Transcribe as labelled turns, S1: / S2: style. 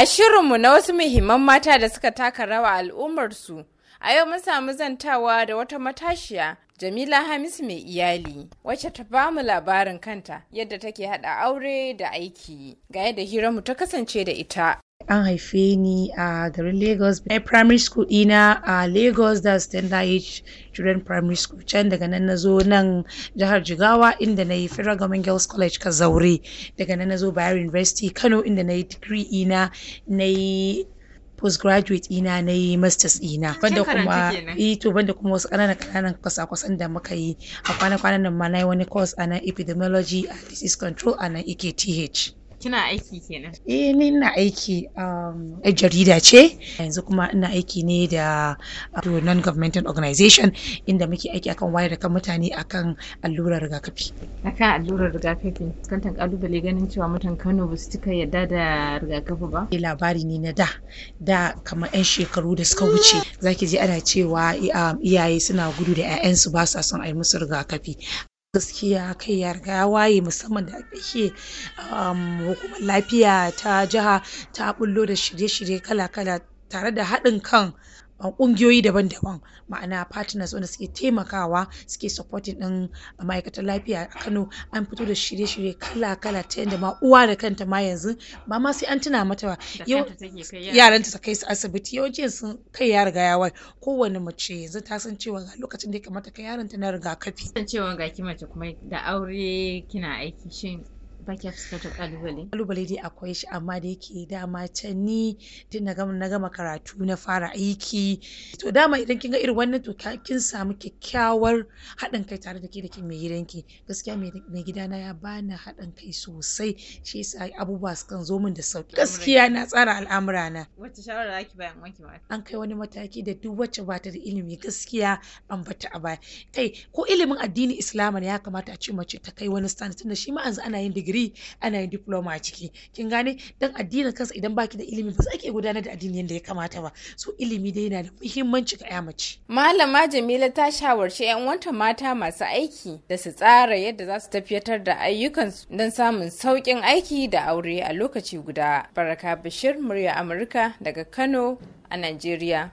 S1: A shirinmu na wasu muhimman mata da suka taka rawa al'ummarsu, a yau mun samu zantawa da wata matashiya Jamila Hamis mai iyali, wacce ta ba mu labarin kanta yadda take haɗa aure da aiki, ga yadda mu ta kasance da ita.
S2: an haife ni a garin Lagos. a primary school ɗina a Lagos da Standard age Children Primary School. Can daga nan na zo nan jihar Jigawa inda na yi Federal Government Girls College ka zaure Daga nan na zo Bayero University Kano inda na yi degree ina na yi postgraduate ina na yi masters ina banda kuma eh to banda kuma wasu kananan kananan kwasa-kwasan da muka yi a kwana-kwanan nan ma na yi wani course a nan epidemiology and disease control a nan
S1: Kina aiki kenan?
S2: Eh ni ina aiki um, a jarida ce yanzu kuma ina aiki ne da uh, non governmental organization inda muke aiki akan wayar da kan mutane akan allurar rigakafi. Akan allurar rigakafi fuskantar kalubale ganin cewa mutan Kano ba su cika yadda da rigakafi ba. Eh labari ne na da da kamar 'yan shekaru da suka wuce zaki ji ana cewa um, iyaye suna gudu da 'ya'yansu ba sa son a yi musu rigakafi gaskiya kai ya riga ya waye musamman da ake um, hukumar lafiya ta jiha ta bullo da shirye-shirye kala-kala tare da haɗin kan kungiyoyi daban-daban ma'ana partners wanda suke taimakawa suke supporting din ma'aikatar lafiya a Kano an fito da shirye-shirye kala-kala ta yadda ma uwa da kanta ma yanzu ba ma sai an tuna mata ba yaran ta kai su asibiti yawanci sun kai ya riga ya wai kowane mace yanzu ta san cewa ga lokacin da ya kamata kai yaron ta na rigakafi. San cewa ga ki mace kuma da aure kina aiki shin kake fuskantar kalubale kalubale dai akwai shi amma da yake dama can ni tun na gama na gama karatu na fara aiki to dama idan kin ga irin wannan to kin samu kyakkyawar haɗin kai tare da ke da mai gidanki gaskiya mai gidana ya bani haɗin kai sosai shi yasa abubuwa kan zo min da sauki gaskiya na
S1: tsara al'amura na wacce shawara zaki bayan wanki ma
S2: an kai wani mataki da duk wacce ba ta da ilimi gaskiya an bata a baya kai ko ilimin addini ne ya kamata a ce mace ta kai wani stand tunda shi ma yanzu ana yin digiri digiri ana yin diploma a ciki kin gane dan addinin kansa idan baki da ilimi ba za ki gudanar da addini yadda ya kamata ba so ilimi dai yana da muhimmanci ga ya mace
S1: malama Jamila ta shawarci yan wanta mata masu aiki da su tsara yadda za su tafiyatar da ayyukansu don samun saukin aiki da aure a lokaci guda baraka bashir murya amurka daga kano a najeriya